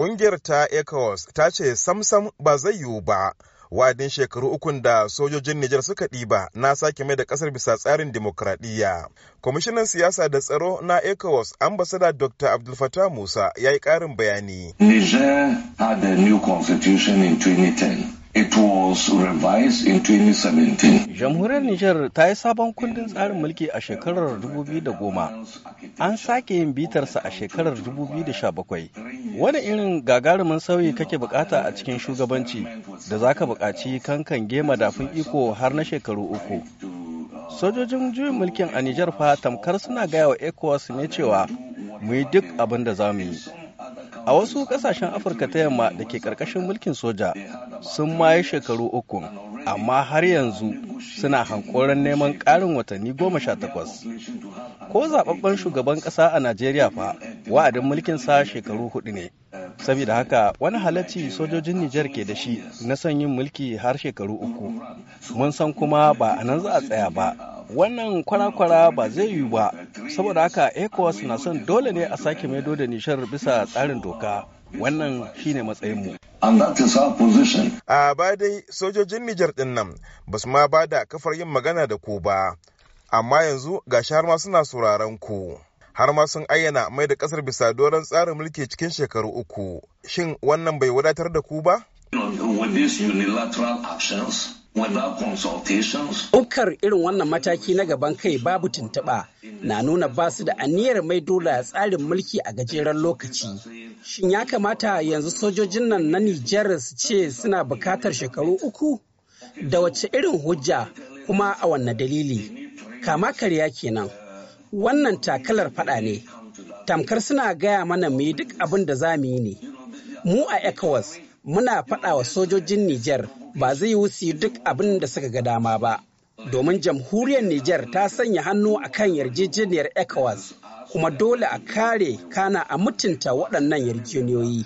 Ƙungiyar ta ECOWAS ta ce samsam ba zai yiwu ba. wa'adin shekaru ukun da sojojin Nijar suka ɗiba na sake mai da ƙasar bisa tsarin dimokuraɗiyya. Kwamishinan siyasa da tsaro na ECOWAS ambasada Dr. abdulfatah Musa ya yi ƙarin bayani. Niger had a new constitution in 2010. It was revised in 2017. Jamhuriyar Nijar ta yi sabon kundin tsarin mulki a shekarar 2010. An sake yin bitarsa a shekarar 2017. Wani irin gagarumin sauyi kake bukata a cikin shugabanci da za ka bukaci kankan gema dafin iko har na shekaru uku. Sojojin juyin mulkin a Nijar fa tamkar suna gaya wa ECOWAS ne cewa mu yi duk abin da za mu yi. A wasu kasashen Afirka ta yamma da ke ƙarƙashin mulkin soja sun maye shekaru uku amma har yanzu suna hankoron neman ƙarin watanni goma sha takwas. Ko zaɓaɓɓen shugaban ƙasa a Najeriya fa wa'adin mulkin sa shekaru hudu ne. Saboda haka wani halacci sojojin Nijar ke da shi na son yin mulki har shekaru uku. Mun san kuma ba a nan za a tsaya ba. wannan kwara-kwara ba zai yiwu ba saboda haka ecowas na son dole ne a sake maido da nishar bisa tsarin doka wannan shine matsayinmu position. A ba dai sojojin Nijar din nan ba su ma ba da kafar yin magana da ku ba, amma yanzu ga har ma suna sauraron ku. Har ma sun ayyana mai da kasar bisa doron tsarin mulki cikin shekaru uku. Shin wannan bai wadatar da ku ba? With these unilateral actions, Ɗaukar irin wannan mataki na gaban kai babu tuntuɓa na nuna ba su da aniyar mai dola tsarin mulki a gajeren lokaci. Shin ya kamata yanzu sojojin nan na Nijar su ce suna bukatar shekaru uku? Da wace irin hujja kuma a wanne dalili? Kama karya kenan. Wannan takalar faɗa ne. Tamkar suna gaya mana mu yi duk abin da za mu yi ne. Mu a ECOWAS muna faɗa wa sojojin Nijar ba zai yi su duk abin da suka ga dama ba domin jamhuriyar Nijar ta sanya hannu a kan yarjejeniyar ECOWAS kuma dole a kare kana a mutunta waɗannan yarjejeniyoyi.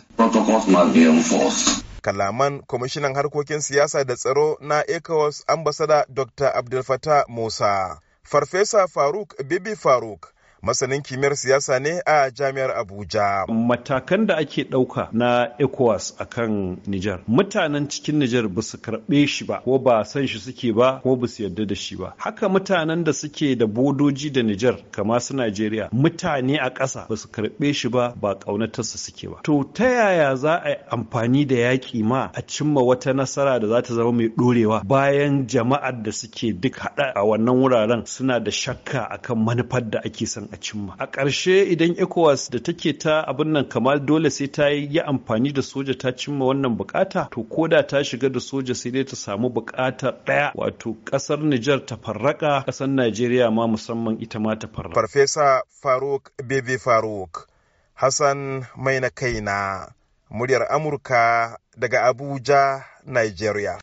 Kalaman kwamishinan harkokin siyasa da tsaro na ECOWAS ambasada Dr. Abdulfata Musa. Farfesa Faruk Bibi Faruk masanin kimiyyar siyasa ne a jami'ar abuja matakan da ake ɗauka na ecowas a kan nijar mutanen cikin nijar ba su karɓe shi ba ko ba san shi suke ba ko ba su yarda da shi ba haka mutanen da suke da bodoji da nijar kama su najeriya mutane a ƙasa ba su karɓe shi ba ba ƙaunatarsa suke ba to ta yaya za a amfani da yaƙi ma a cimma wata nasara da za ta zama mai ɗorewa bayan jama'ar da suke duk haɗa a wannan wuraren suna da shakka akan manufar da ake son a cimma a ƙarshe idan ecowas da take ta abin nan kamar dole sai ta yi amfani da soja ta cimma wannan bukata to koda ta shiga da soja sai dai ta samu bukata ɗaya wato ƙasar Nijar ta farraka ƙasar Najeriya ma musamman ita ma ta farraka. Farfesa Faruk Bebe Faruk Hassan mai na Kaina muryar Amurka daga Abuja, Nigeria.